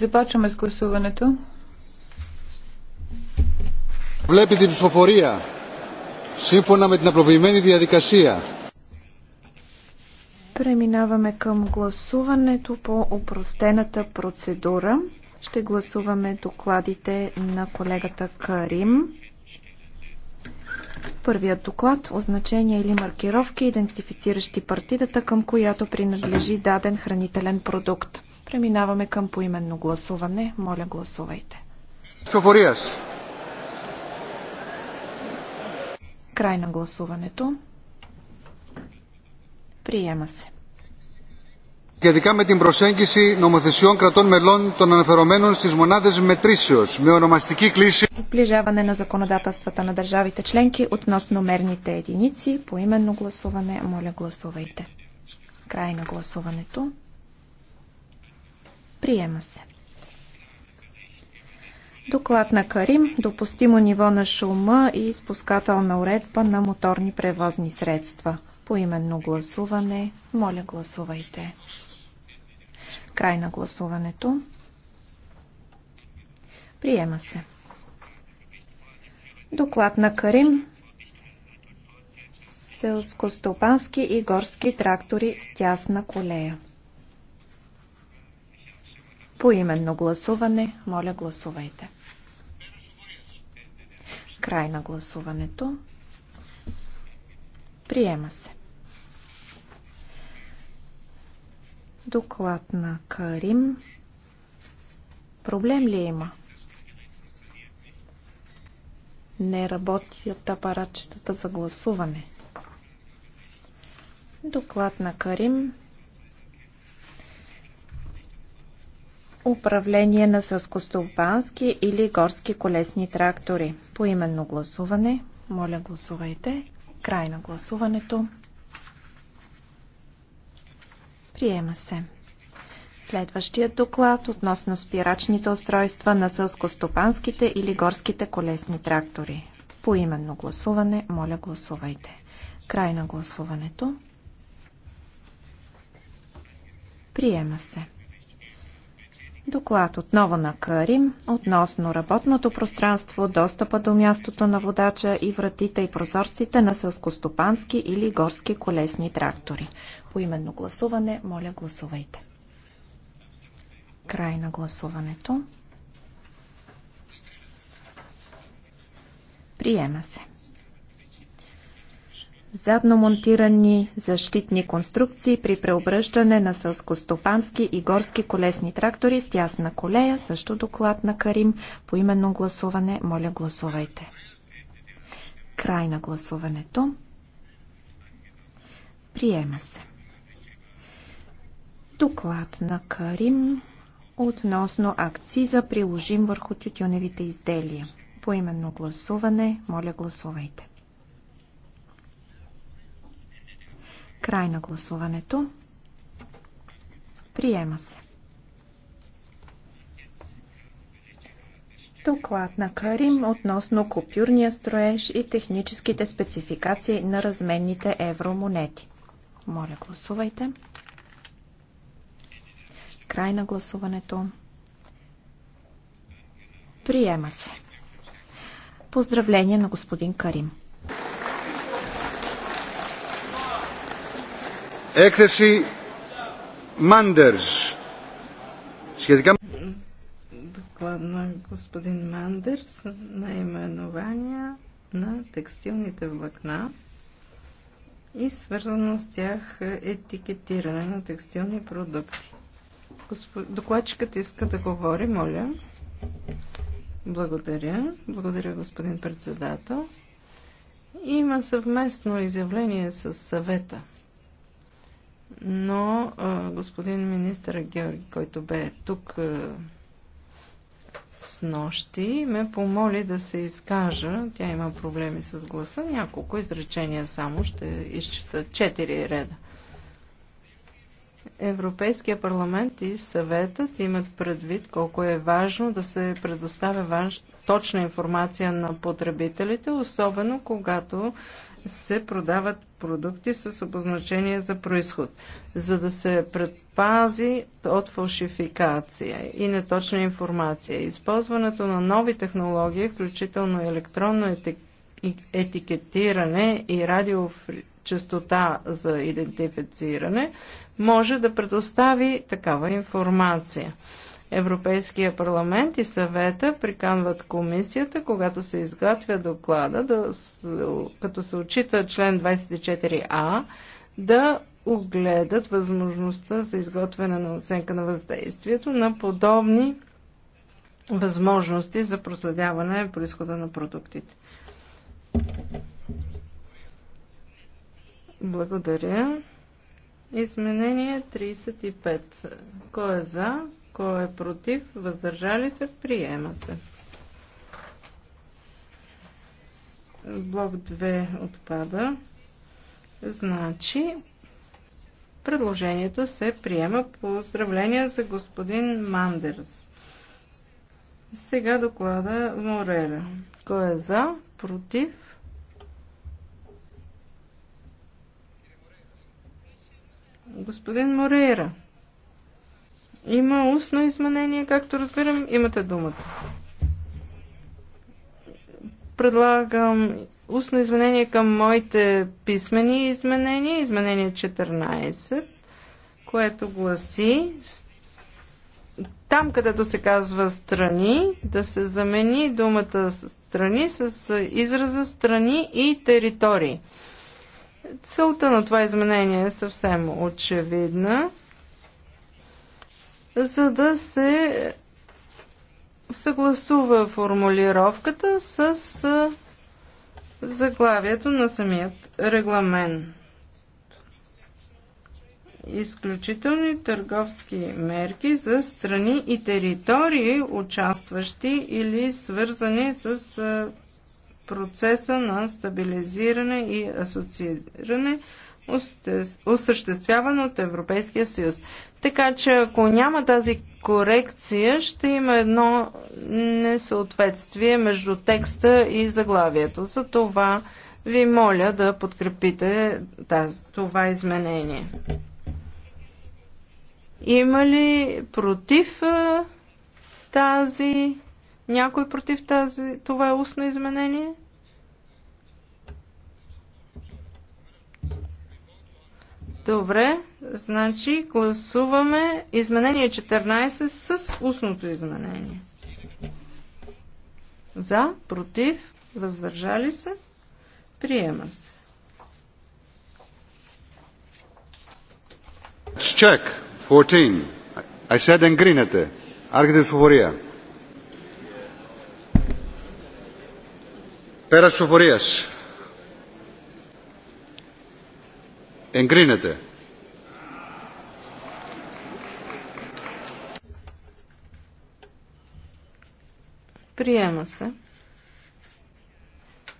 Започваме с гласуването. Βλέπει την ψηφοφορία σύμφωνα με την απλοποιημένη διαδικασία. Преминаваме към гласуването по упростената процедура. Ще гласуваме докладите на колегата Карим. Първият доклад – означения или маркировки, идентифициращи партидата, към която принадлежи даден хранителен продукт. Преминаваме към поименно гласуване. Моля, гласувайте. Софориас. Край на гласуването. Приема се σχετικά με την προσέγγιση νομοθεσιών κρατών μελών των αναφερομένων στις μονάδες μετρήσεως με ονομαστική κλίση Приближаване на законодателствата на държавите членки относно мерните единици по именно гласуване. Моля гласувайте. Край на гласуването. Приема се. Доклад на Карим. Допустимо ниво на шума и спускателна уредба на моторни превозни средства. По именно гласуване. Моля гласувайте. Край на гласуването. Приема се. Доклад на Карим. Селскостопански и горски трактори с тясна колея. Поименно гласуване. Моля, гласувайте. Край на гласуването. Приема се. Доклад на Карим. Проблем ли има? Не работят апаратчетата за гласуване. Доклад на Карим. Управление на сълскостопански или горски колесни трактори. По именно гласуване. Моля гласувайте. Край на гласуването. Приема се. Следващия доклад относно спирачните устройства на сълскостопанските или горските колесни трактори. По именно гласуване, моля гласувайте. Край на гласуването. Приема се. Доклад отново на Карим относно работното пространство, достъпа до мястото на водача и вратите и прозорците на сълскостопански или горски колесни трактори. По именно гласуване, моля гласувайте. Край на гласуването. Приема се задно монтирани защитни конструкции при преобръщане на сълскостопански и горски колесни трактори с тясна колея, също доклад на Карим, по именно гласуване, моля гласувайте. Край на гласуването. Приема се. Доклад на Карим относно акциза приложим върху тютюневите изделия. По именно гласуване, моля гласувайте. Край на гласуването. Приема се. Доклад на Карим относно купюрния строеж и техническите спецификации на разменните евромонети. Моля, гласувайте. Край на гласуването. Приема се. Поздравление на господин Карим. Έκθεση Μάντερς. Σχετικά доклад на господин Мандерс наименования на текстилните влакна и свързано с тях етикетиране на текстилни продукти. Докладчикът иска да говори, моля. Благодаря. Благодаря, господин председател. Има съвместно изявление с съвета но господин министър Георги, който бе тук с нощи, ме помоли да се изкажа. Тя има проблеми с гласа. Няколко изречения само ще изчета. Четири реда. Европейския парламент и съветът имат предвид колко е важно да се предоставя важ... точна информация на потребителите, особено когато се продават продукти с обозначение за происход, за да се предпази от фалшификация и неточна информация. Използването на нови технологии, включително електронно етикетиране и радиочастота за идентифициране, може да предостави такава информация. Европейския парламент и съвета приканват комисията, когато се изготвя доклада, да, като се отчита член 24а, да огледат възможността за изготвяне на оценка на въздействието на подобни възможности за проследяване на происхода на продуктите. Благодаря. Изменение 35. Кой е за? Кой е против? Въздържали се? Приема се. Блок 2 отпада. Значи, предложението се приема. Поздравление за господин Мандерс. Сега доклада Морера. Кой е за? Против? Господин Морера. Има устно изменение, както разбирам. Имате думата. Предлагам устно изменение към моите писмени изменения. Изменение 14, което гласи там, където се казва страни, да се замени думата страни с израза страни и територии. Целта на това изменение е съвсем очевидна за да се съгласува формулировката с заглавието на самият регламент. Изключителни търговски мерки за страни и територии, участващи или свързани с процеса на стабилизиране и асоцииране осъществяван от Европейския съюз. Така че ако няма тази корекция, ще има едно несъответствие между текста и заглавието. За това ви моля да подкрепите тази, това изменение. Има ли против тази, някой против тази, това е устно изменение? Добре, значи гласуваме изменение 14 с устното изменение. За, против, въздържали се, приема се. Чек, 14. I said εγκρίνεται. Άρχεται η ψηφοφορία. Πέρας ψηφοφορίας. Εγκρίνεται. Приема се.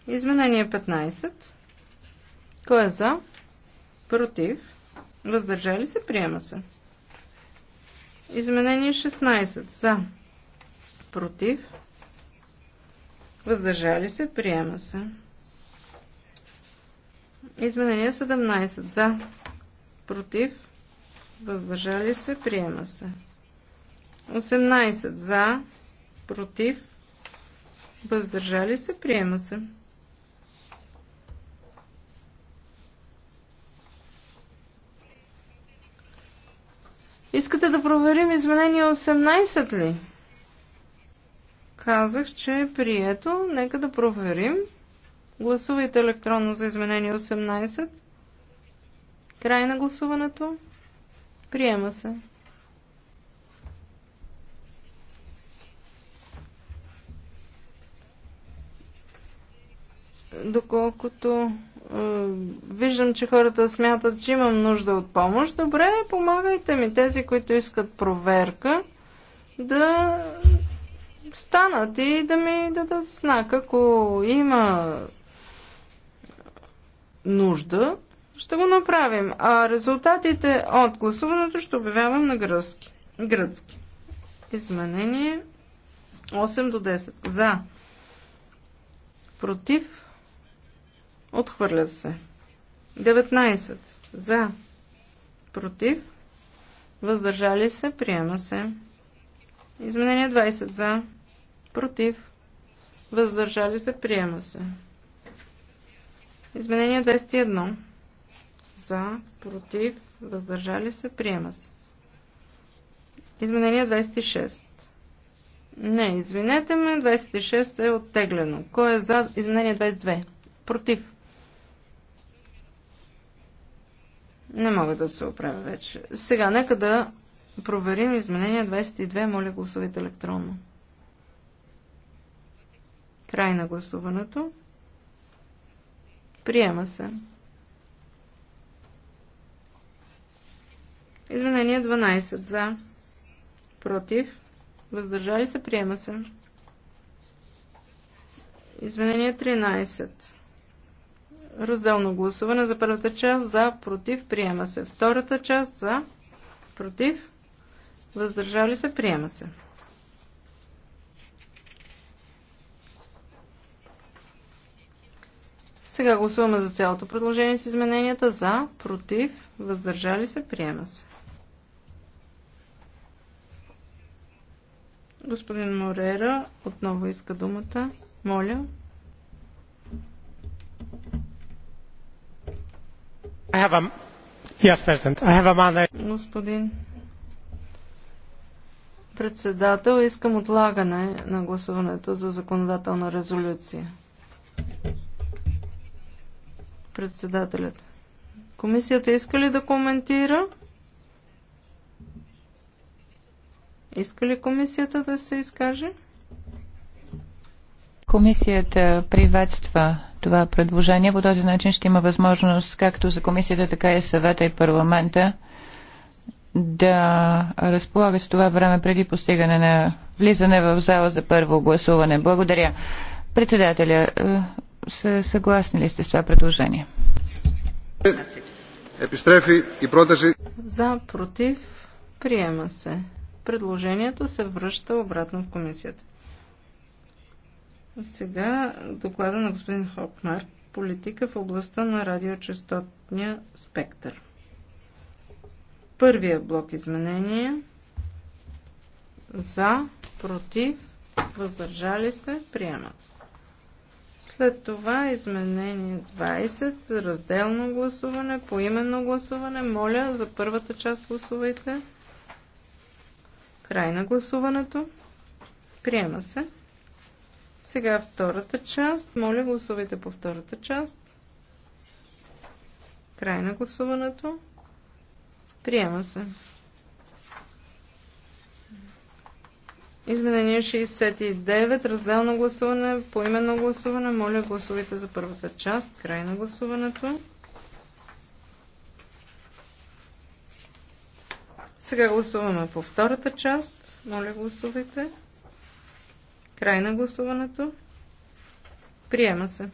Изменение 15. Кой е за? Против. Въздържали се? Приема се. Изменение 16. За. Против. Въздържали се? Приема се. Изменение 17 за, против, въздържали се, приема се. 18 за, против, въздържали се, приема се. Искате да проверим изменение 18 ли? Казах, че е прието. Нека да проверим. Гласувайте електронно за изменение 18. Край на гласуването. Приема се. Доколкото е, виждам, че хората смятат, че имам нужда от помощ, добре, помагайте ми тези, които искат проверка, да станат и да ми дадат знак. Ако има нужда, ще го направим. А резултатите от гласуването ще обявявам на гръцки. гръцки. Изменение 8 до 10. За. Против. отхвърлят се. 19. За. Против. Въздържали се. Приема се. Изменение 20. За. Против. Въздържали се. Приема се. Изменение 201. За, против, въздържали се, приема се. Изменение 26. Не, извинете ме, 26 е оттеглено. Кой е за изменение 22? Против. Не мога да се оправя вече. Сега, нека да проверим изменение 22. Моля, гласувайте електронно. Край на гласуването. Приема се. Изменение 12 за. Против. Въздържали се. Приема се. Изменение 13. Разделно гласуване за първата част за, против, приема се. Втората част за, против, въздържали се, приема се. Сега гласуваме за цялото предложение с измененията. За, против, въздържали се, приема се. Господин Морера отново иска думата. Моля. A... Yes, Господин председател, искам отлагане на гласуването за законодателна резолюция. Председателят. Комисията иска ли да коментира? Иска ли комисията да се изкаже? Комисията приветства това предложение. По този начин ще има възможност както за комисията, така и съвета и парламента да разполагат с това време преди постигане на влизане в зала за първо гласуване. Благодаря. Председателя, Съгласни ли сте с това предложение? Епистрефи и протези. За, против, приема се. Предложението се връща обратно в комисията. Сега доклада на господин Хокмар. политика в областта на радиочастотния спектър. Първия блок изменения за, против, въздържали се, приемат. След това изменение 20, разделно гласуване, поименно гласуване. Моля, за първата част гласувайте. Край на гласуването. Приема се. Сега втората част. Моля, гласувайте по втората част. Край на гласуването. Приема се. Изменение 69, разделно гласуване, поименно гласуване. Моля, гласувайте за първата част. Край на гласуването. Сега гласуваме по втората част. Моля, гласувайте. Край на гласуването. Приема се.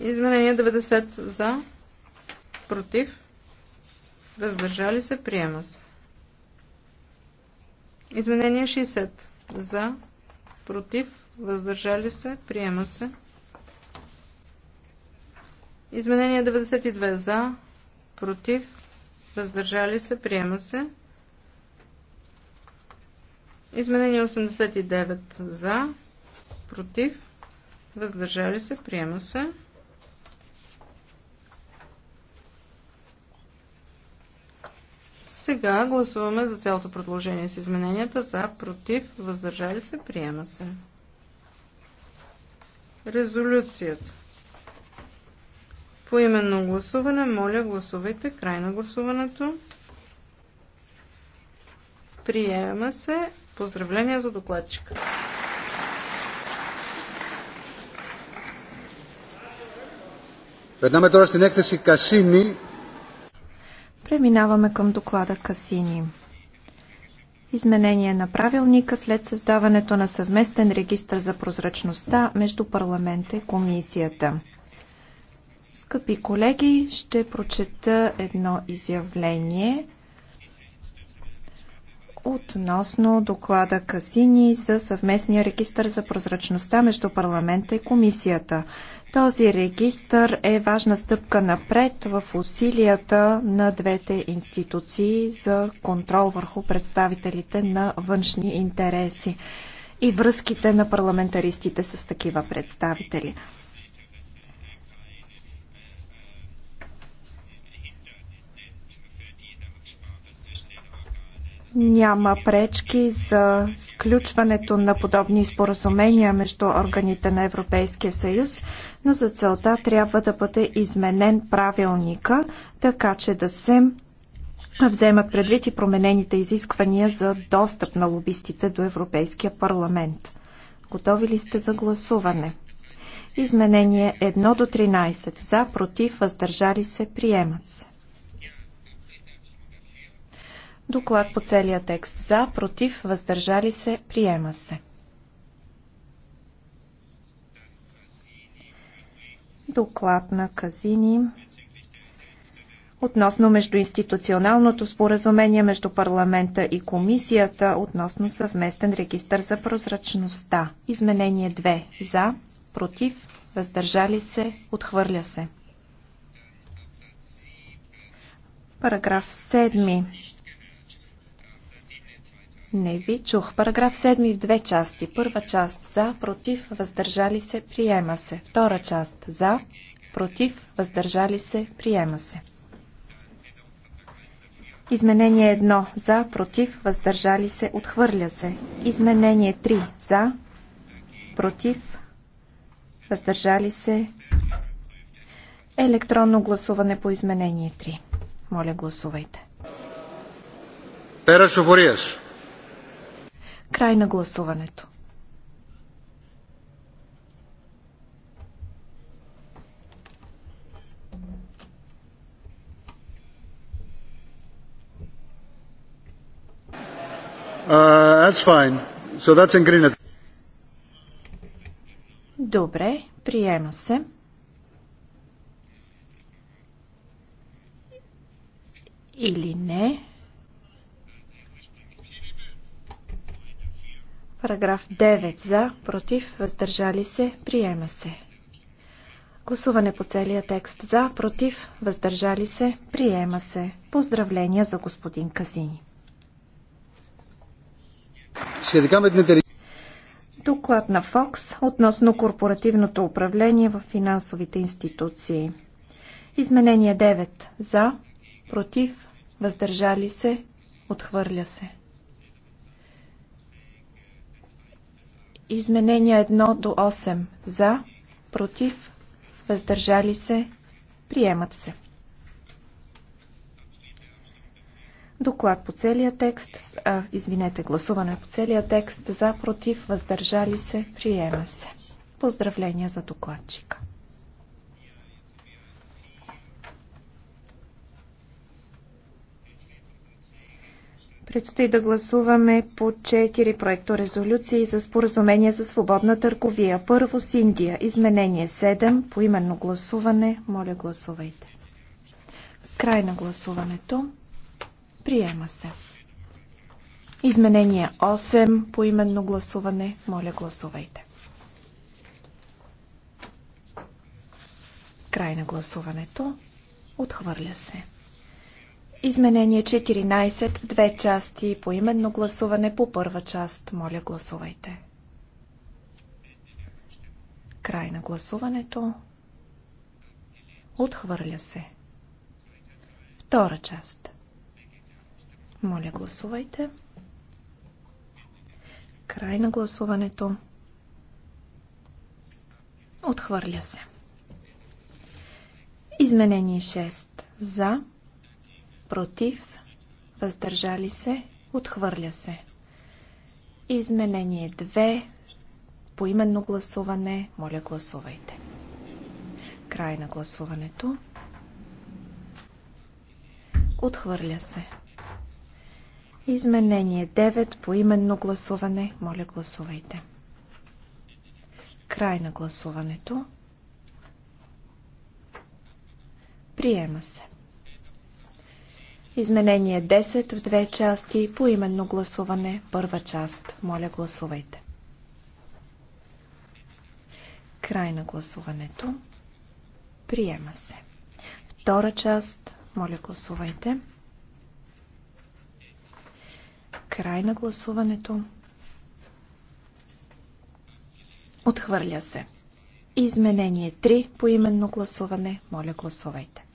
Изменение 90 за, против, въздържали се, приема се. Изменение 60. За, против, въздържали се, приема се. Изменение 92. За, против, въздържали се, приема се. Изменение 89. За, против, въздържали се, приема се. Сега гласуваме за цялото предложение с измененията за, против, въздържали се, приема се. Резолюцията. По именно гласуване, моля гласувайте край на гласуването. Приема се. Поздравления за докладчика. Περνάμε τώρα στην έκθεση Κασίνη Преминаваме към доклада Касини. Изменение на правилника след създаването на съвместен регистр за прозрачността между парламента и комисията. Скъпи колеги, ще прочета едно изявление относно доклада Касини за съвместния регистр за прозрачността между парламента и комисията. Този регистър е важна стъпка напред в усилията на двете институции за контрол върху представителите на външни интереси и връзките на парламентаристите с такива представители. няма пречки за сключването на подобни споразумения между органите на Европейския съюз, но за целта трябва да бъде изменен правилника, така че да се вземат предвид и променените изисквания за достъп на лобистите до Европейския парламент. Готови ли сте за гласуване? Изменение 1 до 13. За, против, въздържали се, приемат се. Доклад по целия текст. За, против, въздържали се, приема се. доклад на Казини относно междуинституционалното споразумение между парламента и комисията относно съвместен регистър за прозрачността. Изменение 2. За, против, въздържали се, отхвърля се. Параграф 7. Не ви чух. Параграф 7 в две части. Първа част за, против, въздържали се, приема се. Втора част за, против, въздържали се, приема се. Изменение 1 за, против, въздържали се, отхвърля се. Изменение 3 за, против, въздържали се. Електронно гласуване по изменение 3. Моля, гласувайте. Пера Шофориеш. Край на гласуването. Uh, that's fine. So that's in green. Добре, приема се. Или не? Параграф 9 за, против, въздържали се, приема се. Гласуване по целия текст за, против, въздържали се, приема се. Поздравления за господин Казини. Доклад на Фокс относно корпоративното управление в финансовите институции. Изменение 9 за, против, въздържали се, отхвърля се. Изменения 1 до 8 за, против, въздържали се, приемат се. Доклад по целия текст, а, извинете, гласуване по целия текст, за, против, въздържали се, приема се. Поздравления за докладчика. Предстои да гласуваме по 4 проекто резолюции за споразумение за свободна търговия. Първо с Индия. Изменение 7. По именно гласуване. Моля гласувайте. Край на гласуването. Приема се. Изменение 8. По именно гласуване. Моля гласувайте. Край на гласуването. Отхвърля се. Изменение 14 в две части по именно гласуване по първа част. Моля, гласувайте. Край на гласуването. Отхвърля се. Втора част. Моля, гласувайте. Край на гласуването. Отхвърля се. Изменение 6. За против, въздържали се, отхвърля се. Изменение 2, поименно гласуване, моля гласувайте. Край на гласуването. Отхвърля се. Изменение 9, поименно гласуване, моля гласувайте. Край на гласуването. Приема се. Изменение 10 в две части по именно гласуване. Първа част. Моля гласувайте. Край на гласуването. Приема се. Втора част. Моля гласувайте. Край на гласуването. Отхвърля се. Изменение 3 по именно гласуване. Моля гласувайте.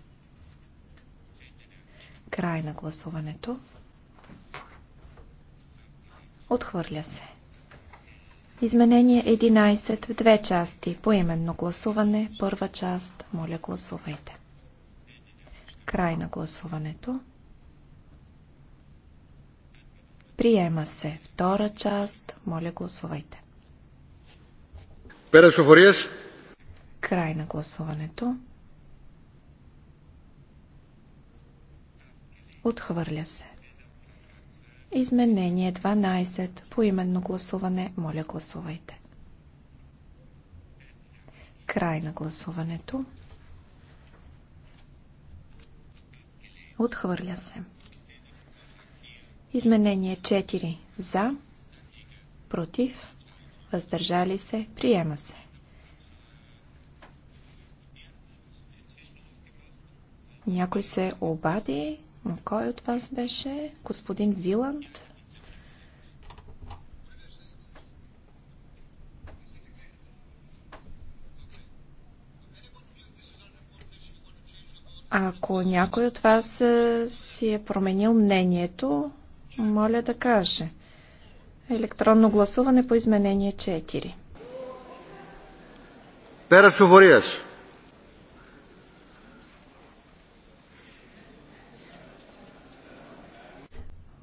Край на гласуването. Отхвърля се. Изменение 11 в две части. Поименно гласуване. Първа част. Моля, гласувайте. Край на гласуването. Приема се. Втора част. Моля, гласувайте. Пересофориес. Край на гласуването. Отхвърля се. Изменение 12. По именно гласуване. Моля, гласувайте. Край на гласуването. Отхвърля се. Изменение 4. За. Против. Въздържали се. Приема се. Някой се обади. Кой от вас беше? Господин Виланд? Ако някой от вас е, си е променил мнението, моля да каже. Електронно гласуване по изменение 4. Перашо Вориаш.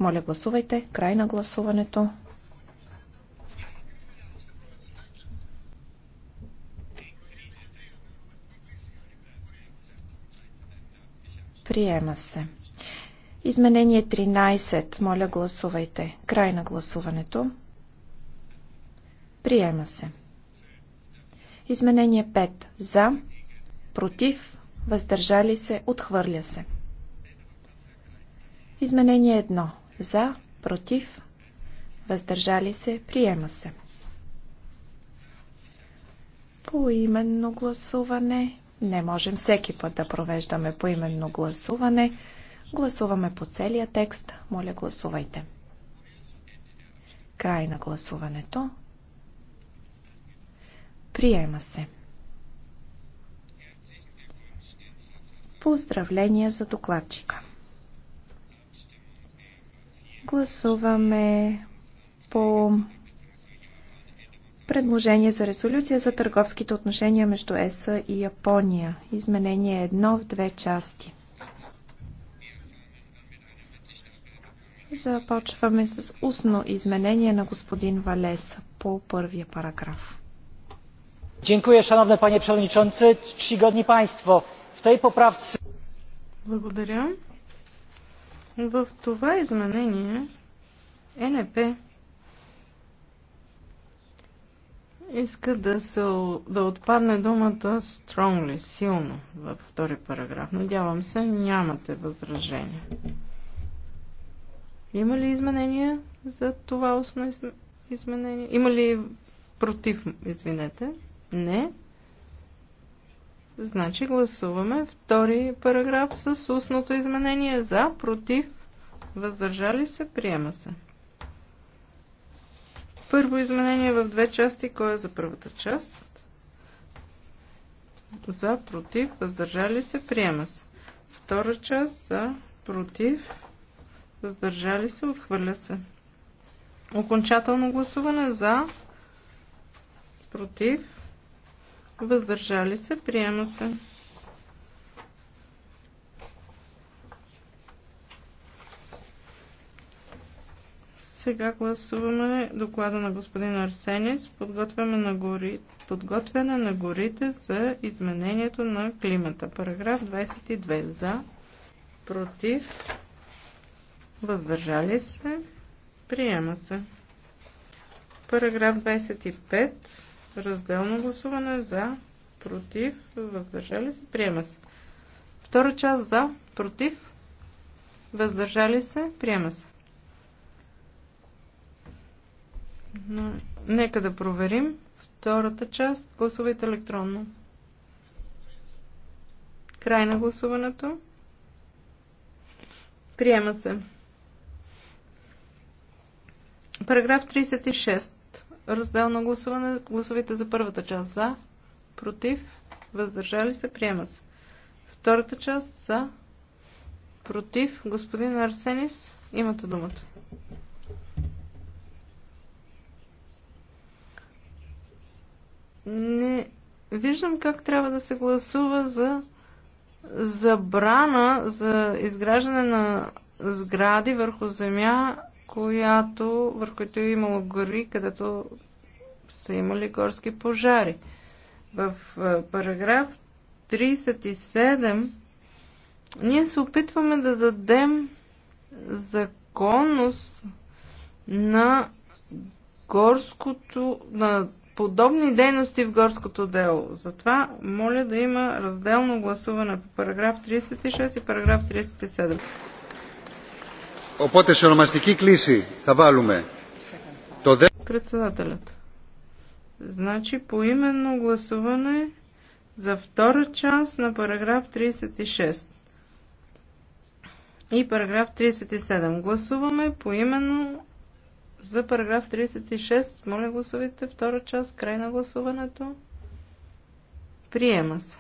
Моля, гласувайте. Край на гласуването. Приема се. Изменение 13. Моля, гласувайте. Край на гласуването. Приема се. Изменение 5. За. Против. Въздържали се. Отхвърля се. Изменение 1. За, против, въздържали се, приема се. По именно гласуване. Не можем всеки път да провеждаме по именно гласуване. Гласуваме по целия текст. Моля, гласувайте. Край на гласуването. Приема се. Поздравления за докладчика. Гласуваме по предложение за резолюция за търговските отношения между ЕС и Япония. Изменение едно в две части. Започваме с устно изменение на господин Валеса по първия параграф. Dziękuję, szanowny panie przewodniczący, czcigodni państwo. W tej poprawce... Благодаря. В това изменение НП иска да, се, да отпадне думата strongly, силно, във втори параграф. Надявам се, нямате възражения. Има ли изменения за това основно изменение? Има ли против, извинете? Не. Значи гласуваме втори параграф с устното изменение за, против, въздържали се, приема се. Първо изменение в две части. Кой е за първата част? За, против, въздържали се, приема се. Втора част за, против, въздържали се, отхвърля се. Окончателно гласуване за, против, въздържали се, приема се. Сега гласуваме доклада на господин Арсенис, подготвяне на, гори... подготвяне на горите за изменението на климата. Параграф 22. За, против, въздържали се, приема се. Параграф 25 Разделно гласуване за, против, въздържали се, приема се. Втора част за, против, въздържали се, приема се. Но, нека да проверим. Втората част гласувайте електронно. Край на гласуването. Приема се. Параграф 36. Разделно гласуване. Гласовете за първата част за, против, въздържали се, приемат се. Втората част за, против. Господин Арсенис, имате думата. Не виждам как трябва да се гласува за забрана за изграждане на сгради върху земя която, върху които е имало гори, където са имали горски пожари. В е, параграф 37 ние се опитваме да дадем законност на горското, на подобни дейности в горското дело. Затова моля да има разделно гласуване по параграф 36 и параграф 37. Οπότε σε ονομαστική κλίση θα βάλουμε το δε... Председателят. Значи по именно гласуване за втора част на параграф 36 и параграф 37. Гласуваме по именно за параграф 36. Моля гласувайте втора част, край на гласуването. Приема се.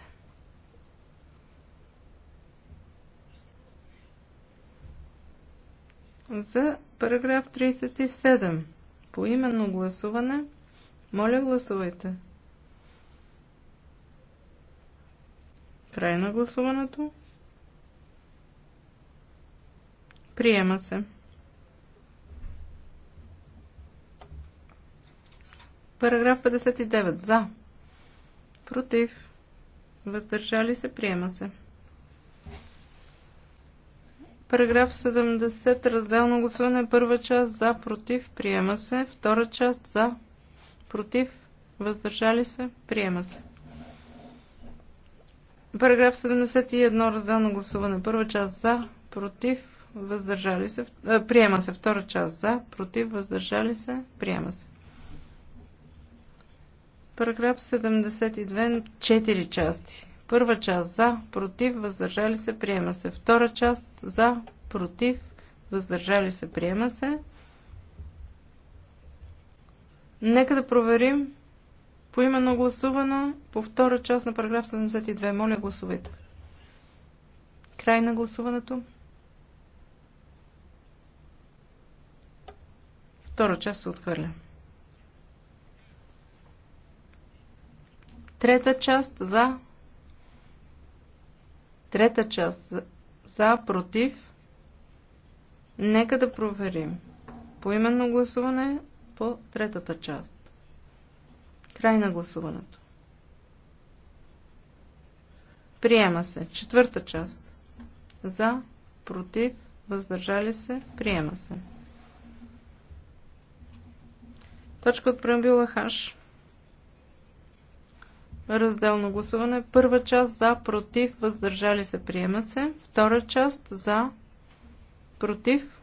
за параграф 37. По именно гласуване. Моля, гласувайте. Край на гласуването. Приема се. Параграф 59. За. Против. Въздържали се. Приема се. Параграф 70, разделно гласуване, първа част за, против, приема се, втора част за, против, въздържали се, приема се. Параграф 71, разделно гласуване, първа част за, против, въздържали се, приема се, втора част за, против, въздържали се, приема се. Параграф 72, 4 части. Първа част за, против, въздържали се, приема се. Втора част за, против, въздържали се, приема се. Нека да проверим по именно гласуване по втора част на параграф 72. Моля, гласувайте. Край на гласуването. Втора част се отхвърля. Трета част за, Трета част за, против. Нека да проверим. Поименно гласуване по третата част. Край на гласуването. Приема се. Четвърта част. За, против, въздържали се, приема се. Точка от преамбюла Хаш. Разделно гласуване. Първа част за, против, въздържали се, приема се. Втора част за, против,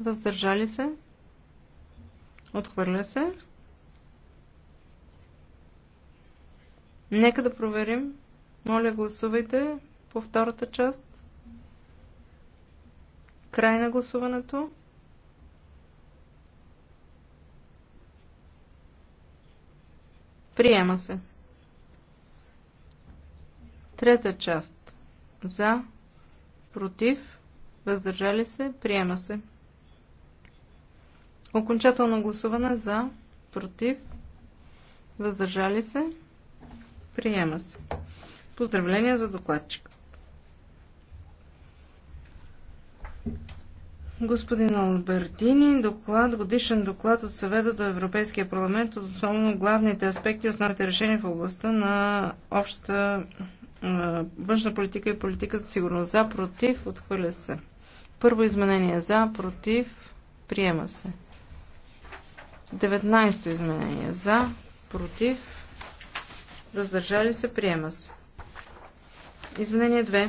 въздържали се, отхвърля се. Нека да проверим. Моля, гласувайте по втората част. Край на гласуването. Приема се. Трета част. За, против, въздържали се, приема се. Окончателно гласуване за, против, въздържали се, приема се. Поздравления за докладчик. Господин Албертини, доклад, годишен доклад от съвета до Европейския парламент, основно главните аспекти и основните решения в областта на общата външна политика и политика за сигурност. За, против, отхвърля се. Първо изменение за, против, приема се. 19-то изменение за, против, въздържали се, приема се. Изменение 2.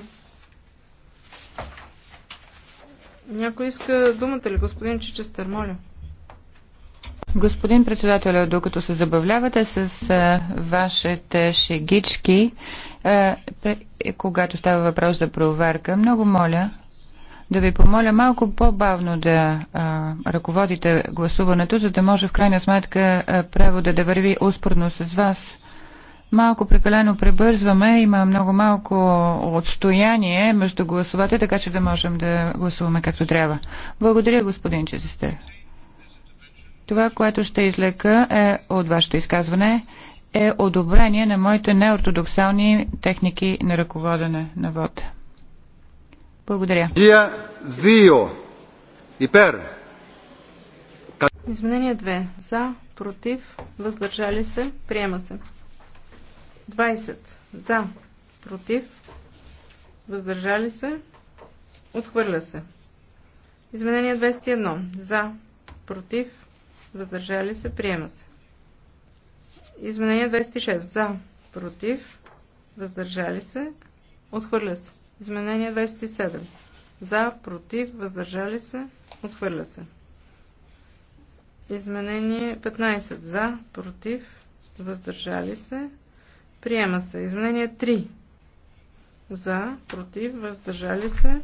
Някой иска думата ли, господин Чичестър, моля? Господин председател, докато се забавлявате с а, вашите шегички, а, когато става въпрос за проверка, много моля да ви помоля малко по-бавно да а, ръководите гласуването, за да може в крайна сметка а, превода да върви успорно с вас. Малко прекалено пребързваме, има много малко отстояние между гласовете, така че да можем да гласуваме както трябва. Благодаря, господин, че сте. Това, което ще излека е, от вашето изказване е одобрение на моите неортодоксални техники на ръководене на вод. Благодаря. Изменение 2. За, против, въздържали се, приема се. 20. За, против, въздържали се, отхвърля се. Изменение 21. За, против, въздържали се, приема се. Изменение 26 за, против, въздържали се, отхвърля се. Изменение 27 за, против, въздържали се, отхвърля се. Изменение 15 за, против, въздържали се, приема се. Изменение 3 за, против, въздържали се.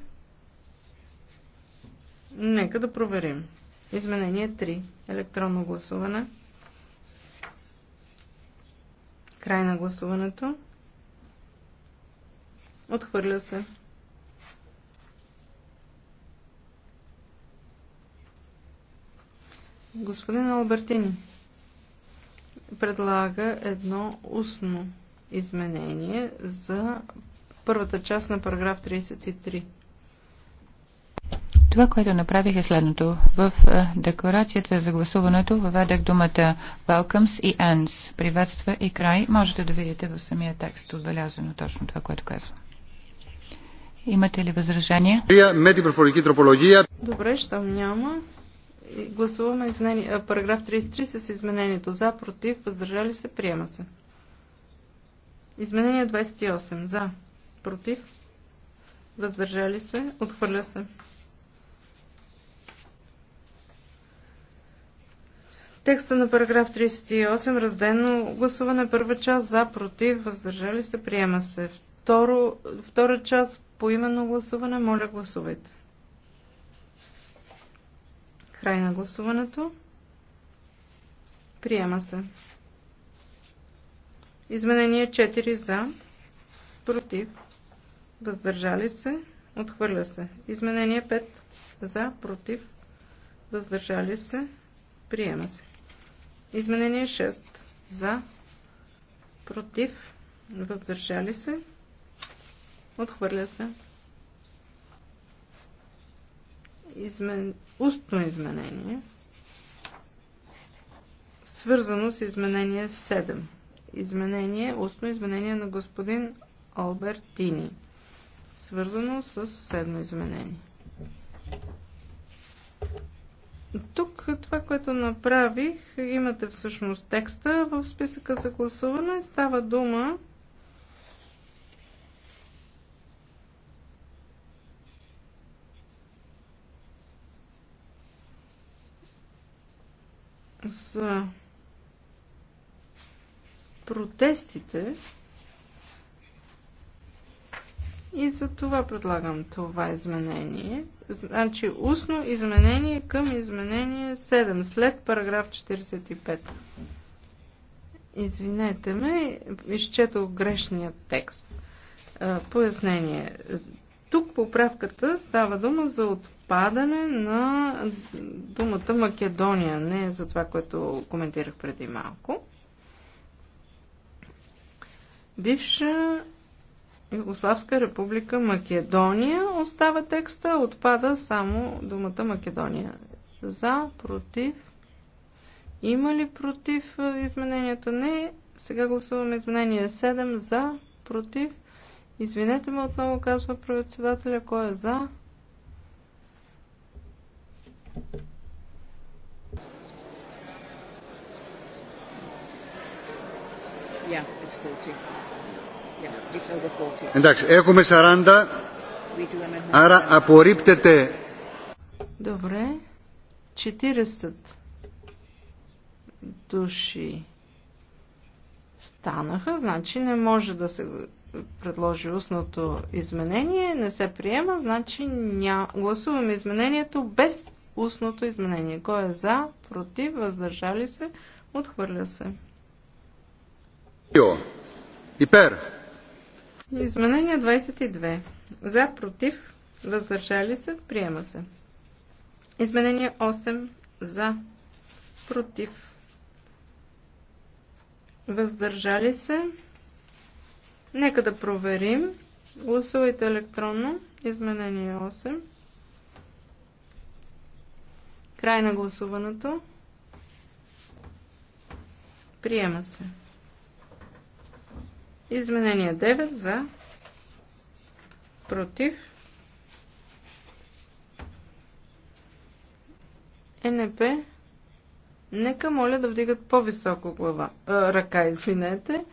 Нека да проверим. Изменение 3. Електронно гласуване. Край на гласуването. Отхвърля се. Господин Албертини предлага едно устно изменение за първата част на параграф 33. Това, което направих е следното. В е, декларацията за гласуването въведах думата Welcomes и Ends. Приветства и край. Можете да видите в самия текст отбелязано точно това, което казвам. Имате ли възражения? Добре, щом няма. Гласуваме изменение, параграф 33 с изменението за, против, въздържали се, приема се. Изменение 28 за, против, въздържали се, отхвърля се. Текста на параграф 38, раздено гласуване, първа част за, против, въздържали се, приема се. Второ, втора част по именно гласуване, моля гласувайте. Край на гласуването. Приема се. Изменение 4 за, против, въздържали се, отхвърля се. Изменение 5 за, против, въздържали се, приема се. Изменение 6. За. Против. Въздържали се. Отхвърля се. Измен... Устно изменение. Свързано с изменение 7. Изменение, устно изменение на господин Албертини. Свързано с седмо изменение. Тук това, което направих, имате всъщност текста в списъка за гласуване. Става дума за протестите и за това предлагам това изменение. Значи устно изменение към изменение 7 след параграф 45. Извинете ме, изчетох грешния текст. Пояснение. Тук поправката става дума за отпадане на думата Македония, не за това, което коментирах преди малко. Бивша Югославска република Македония остава текста, отпада само думата Македония. За, против. Има ли против е, измененията? Не. Сега гласуваме изменение 7 за, против. Извинете ме отново, казва председателя. Кой е за? Yeah, it's 40. Εντάξει, έχουμε 40, άρα απορρίπτεται. Добре, 40 души станаха, значи не може да се предложи устното изменение, не се приема, значи ня... гласуваме изменението без устното изменение. Кой е за, против, въздържали се, отхвърля се. Υπέρ. Изменение 22. За, против, въздържали се, приема се. Изменение 8. За, против, въздържали се. Нека да проверим. Гласувайте електронно. Изменение 8. Край на гласуването. Приема се. Изменение 9 за против НП. Нека моля да вдигат по-високо глава. А, ръка, извинете.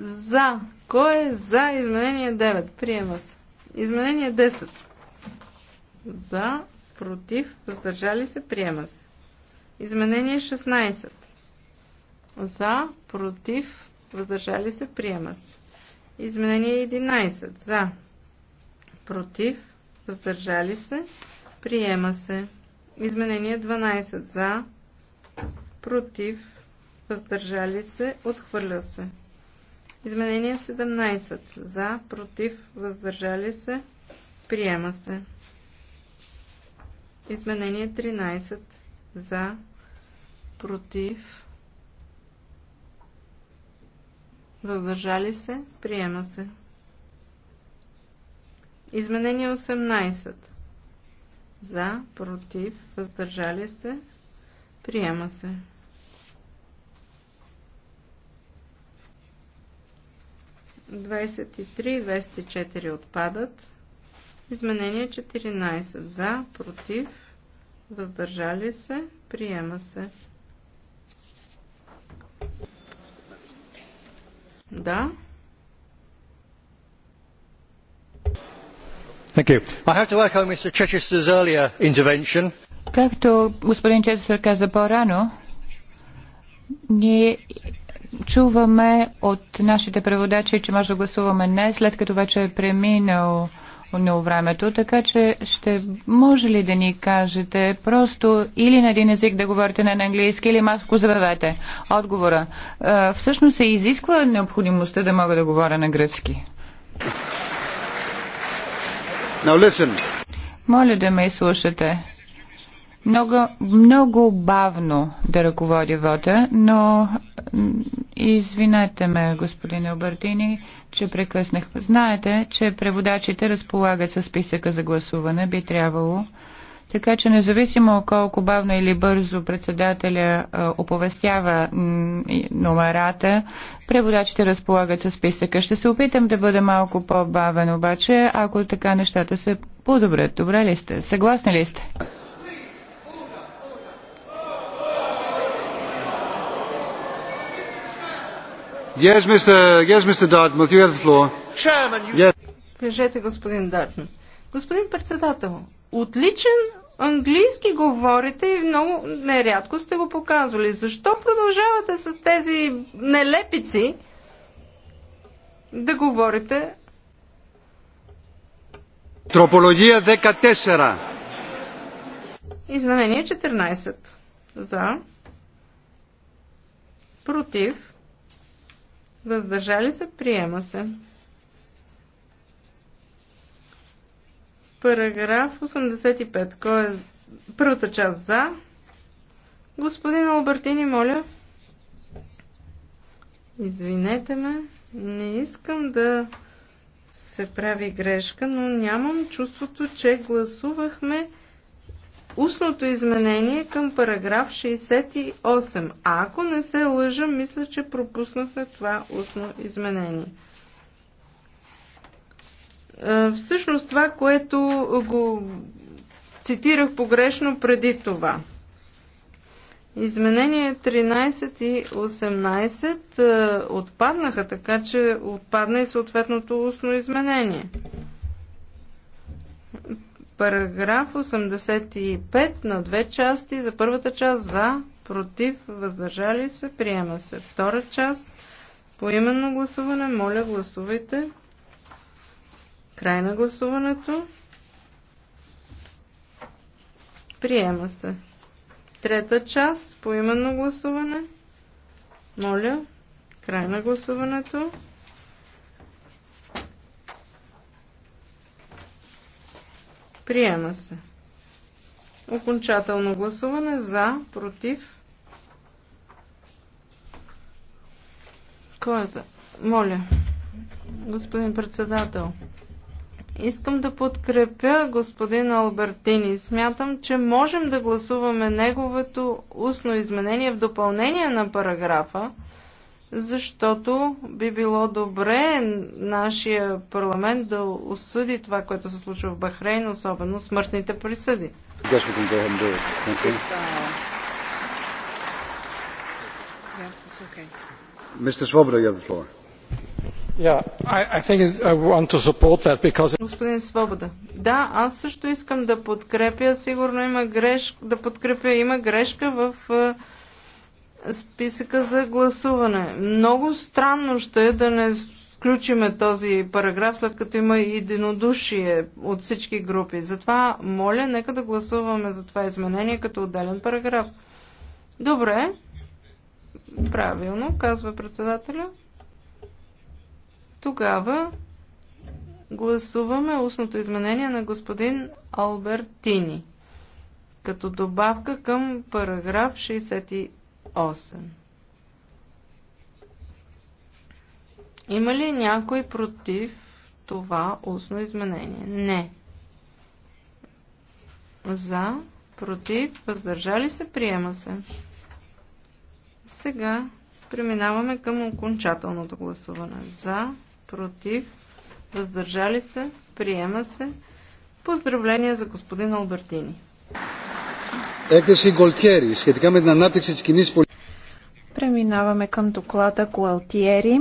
За. Кой е за изменение 9? Приема се. Изменение 10. За, против, въздържали се, приема се. Изменение 16. За, против, въздържали се, приема се. Изменение 11 за, против, въздържали се, приема се. Изменение 12 за, против, въздържали се, отхвърля се. Изменение 17 за, против, въздържали се, приема се. Изменение 13 за, против, Въздържали се? Приема се. Изменение 18. За, против, въздържали се? Приема се. Двадесет и три, двадесет и четири отпадат. Изменение 14. За, против, въздържали се, приема се. Да. Както господин Чечестър каза по-рано, ние чуваме от нашите преводачи, че може да гласуваме не, след като вече е преминал на времето, така че ще може ли да ни кажете просто или на един език да говорите на английски, или маско забавете? Отговора. Всъщност се изисква необходимостта да мога да говоря на гръцки. Now listen. Моля да ме изслушате много, много бавно да ръководя вода, но извинете ме, господин Албертини, че прекъснах. Знаете, че преводачите разполагат със списъка за гласуване, би трябвало. Така че независимо колко бавно или бързо председателя оповестява номерата, преводачите разполагат със списъка. Ще се опитам да бъда малко по-бавен, обаче, ако така нещата се подобрят. Добре ли сте? Съгласни ли сте? Кажете, господин Дартман. Господин председател, отличен английски говорите и много нерядко сте го показвали. Защо продължавате с тези нелепици да говорите? Тропология 14. Извинение 14. За. Против. Въздържали се, приема се. Параграф 85. Кой е първата част за? Господин Албертини, моля. Извинете ме. Не искам да се прави грешка, но нямам чувството, че гласувахме устното изменение към параграф 68. А ако не се лъжа, мисля, че пропуснахме това устно изменение. Е, всъщност това, което го цитирах погрешно преди това. Изменение 13 и 18 е, отпаднаха, така че отпадна и съответното устно изменение. Параграф 85 на две части. За първата част за, против, въздържали се, приема се. Втора част по именно гласуване. Моля, гласувайте. Край на гласуването. Приема се. Трета част по именно гласуване. Моля, край на гласуването. Приема се. Окончателно гласуване за, против. Кой е за? Моля, господин председател. Искам да подкрепя господин Албертини. Смятам, че можем да гласуваме неговото устно изменение в допълнение на параграфа, защото би било добре нашия парламент да осъди това, което се случва в Бахрейн, особено смъртните присъди. Господин Свобода, да, аз също искам да подкрепя, сигурно има грешка, да подкрепя, има грешка в списъка за гласуване. Много странно ще е да не включиме този параграф, след като има и единодушие от всички групи. Затова, моля, нека да гласуваме за това изменение като отделен параграф. Добре. Правилно, казва председателя. Тогава гласуваме устното изменение на господин Албертини като добавка към параграф 8. Има ли някой против това устно изменение? Не. За, против, въздържали се, приема се. Сега преминаваме към окончателното гласуване. За, против, въздържали се, приема се. Поздравления за господин Албертини. Έκθεση Γκολτιέρη σχετικά με την ανάπτυξη Преминаваме към доклада Гуалтиери.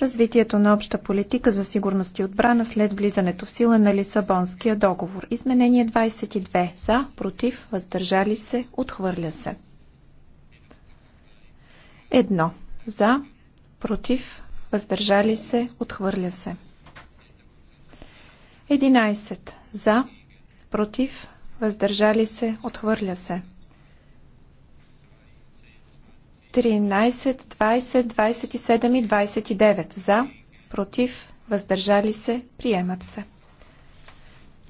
Развитието на обща политика за сигурност и отбрана след влизането в сила на Лисабонския договор. Изменение 22. За, против, въздържали се, отхвърля се. Едно. За, против, въздържали се, отхвърля се. 11. За, против, въздържали се, отхвърля се. 13, 20, 27 и 29 за, против, въздържали се, приемат се.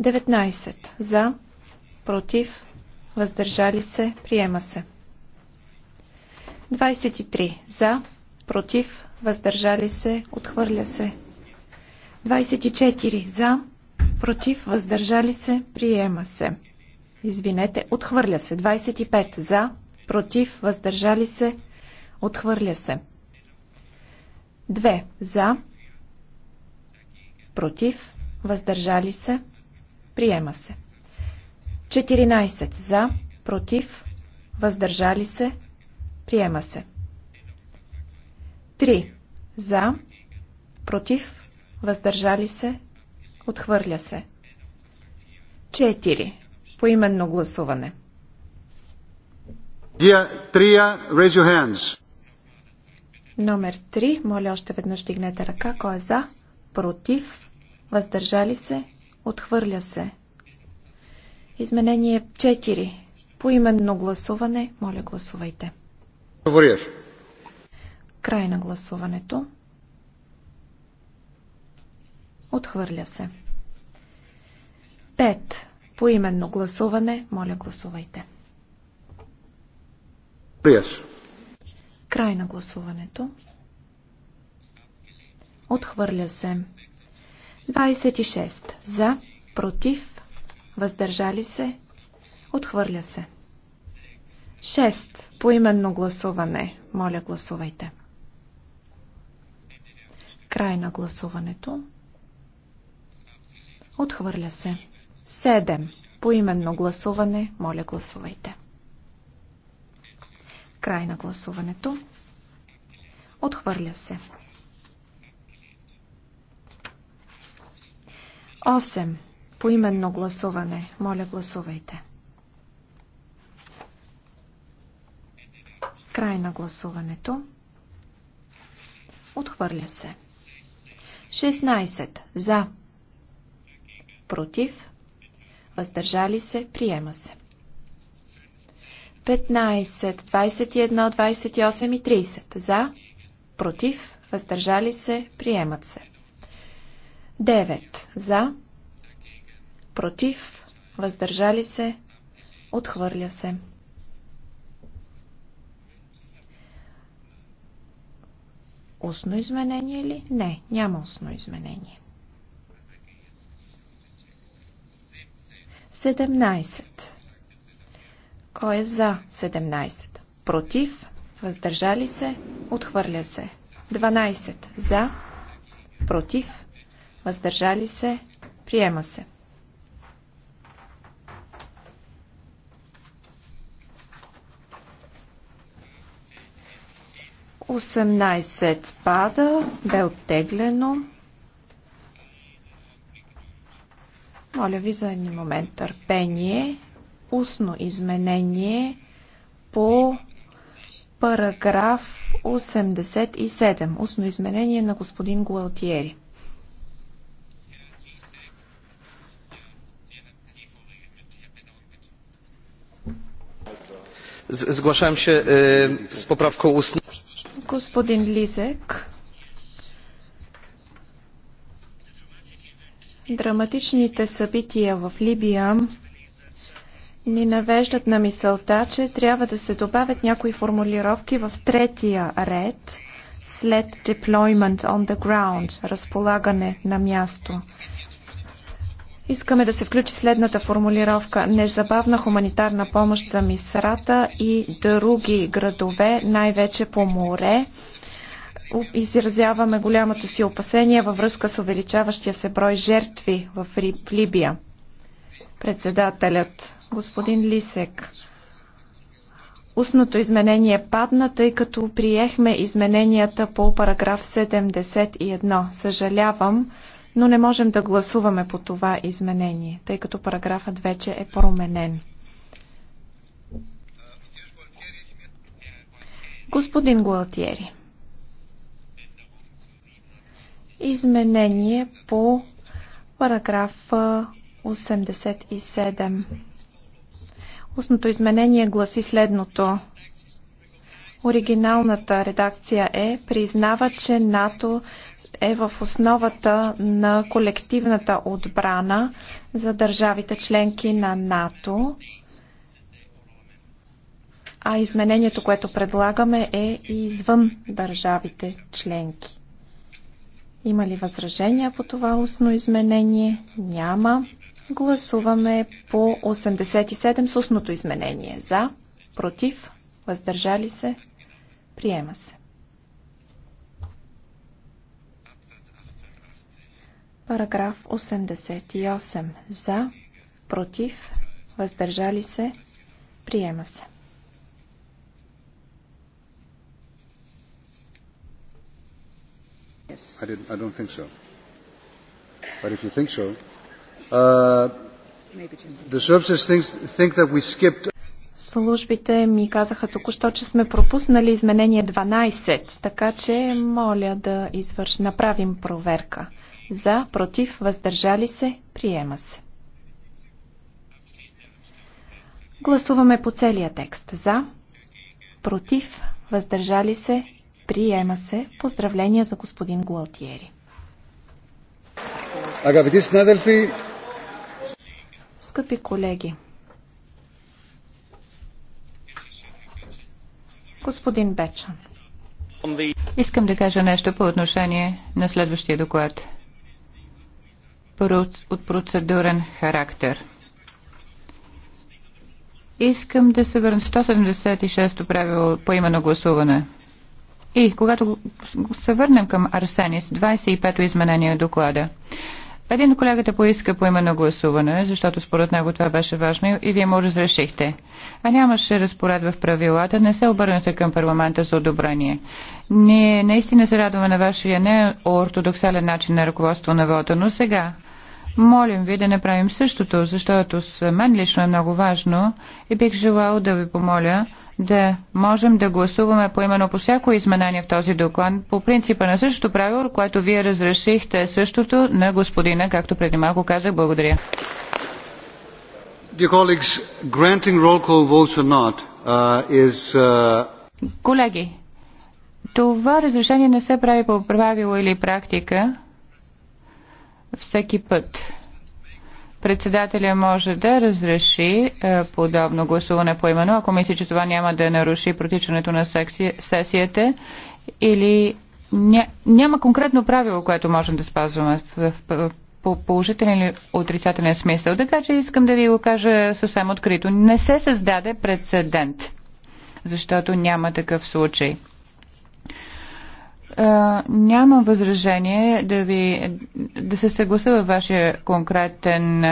19 за, против, въздържали се, приема се. 23 за, против, въздържали се, отхвърля се. 24 за, против, въздържали се, приема се. Извинете, отхвърля се. 25 за, против, въздържали се, отхвърля се. 2 за, против, въздържали се, приема се. 14 за, против, въздържали се, приема се. 3 за, против, въздържали се, отхвърля се. 4 Поименно гласуване. Номер 3. Моля още веднъж дигнете ръка. Кой е за? Против? Въздържали се? Отхвърля се. Изменение 4. По именно гласуване. Моля гласувайте. Говориш. Край на гласуването. Отхвърля се. Поименно гласуване, моля гласувайте. Приес. Край на гласуването. Отхвърля се. 26. За, против, въздържали се, отхвърля се. 6. Поименно гласуване. Моля, гласувайте. Край на гласуването. Отхвърля се. 7. Поименно гласуване. Моля, гласувайте. Край на гласуването. Отхвърля се. 8. Поименно гласуване. Моля, гласувайте. Край на гласуването. Отхвърля се. 16. За. Против въздържали се, приема се. 15, 21, 28 и 30 за, против, въздържали се, приемат се. 9 за, против, въздържали се, отхвърля се. Устно изменение ли? Не, няма устно изменение. 17. Кой е за 17? Против? Въздържали се? Отхвърля се. 12. За? Против? Въздържали се? Приема се. Осемнайсет пада, бе оттеглено. Моля ви за един момент търпение. Устно изменение по параграф 87. Устно изменение на господин Гуалтиери. Zgłaszałem się z poprawką ustną. Господин Лизек, Драматичните събития в Либия ни навеждат на мисълта, че трябва да се добавят някои формулировки в третия ред след deployment on the ground, разполагане на място. Искаме да се включи следната формулировка незабавна хуманитарна помощ за Мисрата и други градове, най-вече по море, изразяваме голямото си опасение във връзка с увеличаващия се брой жертви в Либия. Председателят, господин Лисек, устното изменение падна, тъй като приехме измененията по параграф 71. Съжалявам, но не можем да гласуваме по това изменение, тъй като параграфът вече е променен. Господин Гуалтиери изменение по параграф 87. Устното изменение гласи следното. Оригиналната редакция е признава, че НАТО е в основата на колективната отбрана за държавите членки на НАТО. А изменението, което предлагаме е и извън държавите членки. Има ли възражения по това устно изменение? Няма. Гласуваме по 87 с устното изменение. За, против, въздържали се, приема се. Параграф 88. За, против, въздържали се, приема се. Yes. I, didn't, I don't think so. But if you think so, uh, the services think that we skipped Службите ми казаха току-що, че сме пропуснали изменение 12, така че моля да извърш, направим проверка. За, против, въздържали се, приема се. Гласуваме по целия текст. За, против, въздържали се, Приема се. Поздравления за господин Гуалтиери. Агапити недълфи! Скъпи колеги, господин Бечан, искам да кажа нещо по отношение на следващия доклад от процедурен характер. Искам да се върна 176-то правило по именно гласуване – и когато се върнем към Арсенис, 25-то изменение доклада. Един от колегата поиска по именно гласуване, защото според него това беше важно и вие му разрешихте. А нямаше разпоредба в правилата, не се обърнете към парламента за одобрение. Ние наистина се радваме на вашия неортодоксален начин на ръководство на вода, но сега Молим ви да направим същото, защото с мен лично е много важно и бих желал да ви помоля да можем да гласуваме по именно по всяко изменение в този доклад, по принципа на същото правило, което вие разрешихте същото на господина, както преди малко казах. Благодаря. Uh, uh, Колеги, това разрешение не се прави по правило или практика всеки път председателя може да разреши е, подобно гласуване по именно, ако мисли, че това няма да наруши протичането на сесията или ня, няма конкретно правило, което можем да спазваме в, в, по положителен или отрицателен смисъл. Така че искам да ви го кажа съвсем открито. Не се създаде прецедент, защото няма такъв случай. Е, нямам възражение да, ви, да се съгласа във вашия конкретен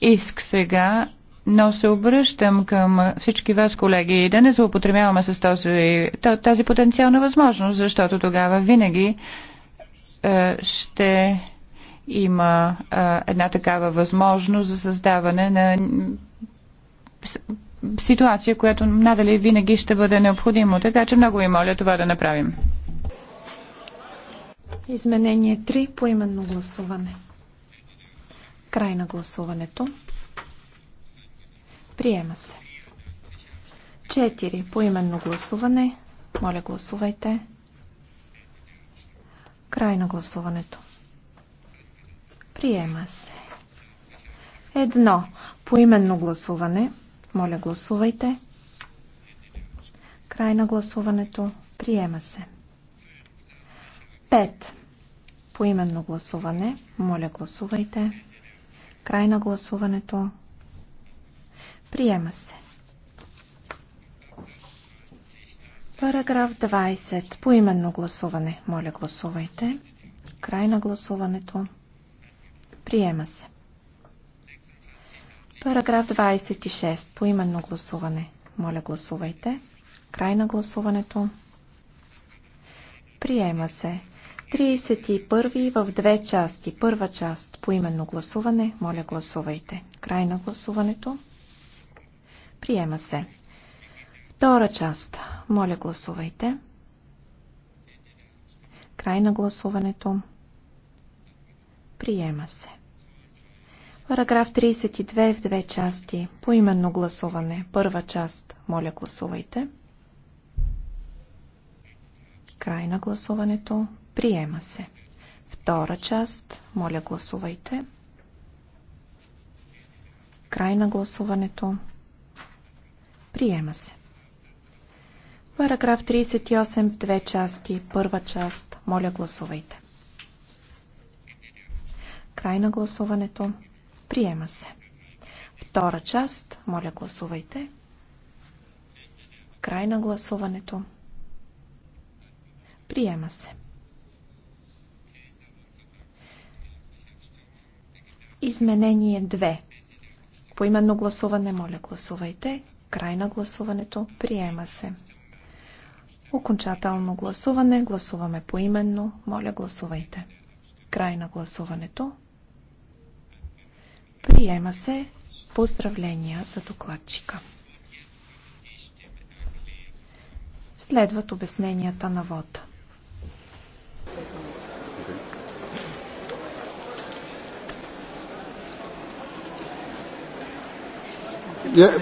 иск сега, но се обръщам към всички вас, колеги, да не злоупотребяваме с този, тази потенциална възможност, защото тогава винаги е, ще има е, една такава възможност за създаване на ситуация, която надали винаги ще бъде необходимо. Така че много ви моля това да направим. Изменение 3 по именно гласуване. Край на гласуването. Приема се. 4 по именно гласуване. Моля гласувайте. Край на гласуването. Приема се. Едно. Поименно гласуване. Моля гласувайте. Край на гласуването. Приема се. 5. Поименно гласуване. Моля, гласувайте. Край на гласуването. Приема се. Параграф 20. Поименно гласуване. Моля, гласувайте. Край на гласуването. Приема се. Параграф 26. Поименно гласуване. Моля, гласувайте. Край на гласуването. Приема се. 31 в две части. Първа част по именно гласуване. Моля гласувайте. Край на гласуването. Приема се. Втора част. Моля гласувайте. Край на гласуването. Приема се. Параграф 32 в две части. По именно гласуване. Първа част. Моля гласувайте. Край на гласуването. Приема се. Втора част. Моля, гласувайте. Край на гласуването. Приема се. Параграф 38, две части. Първа част. Моля, гласувайте. Край на гласуването. Приема се. Втора част. Моля, гласувайте. Край на гласуването. Приема се. Изменение 2. По именно гласуване, моля гласувайте. Край на гласуването. Приема се. Окончателно гласуване. Гласуваме по именно. Моля гласувайте. Край на гласуването. Приема се. Поздравления за докладчика. Следват обясненията на вода. Yeah.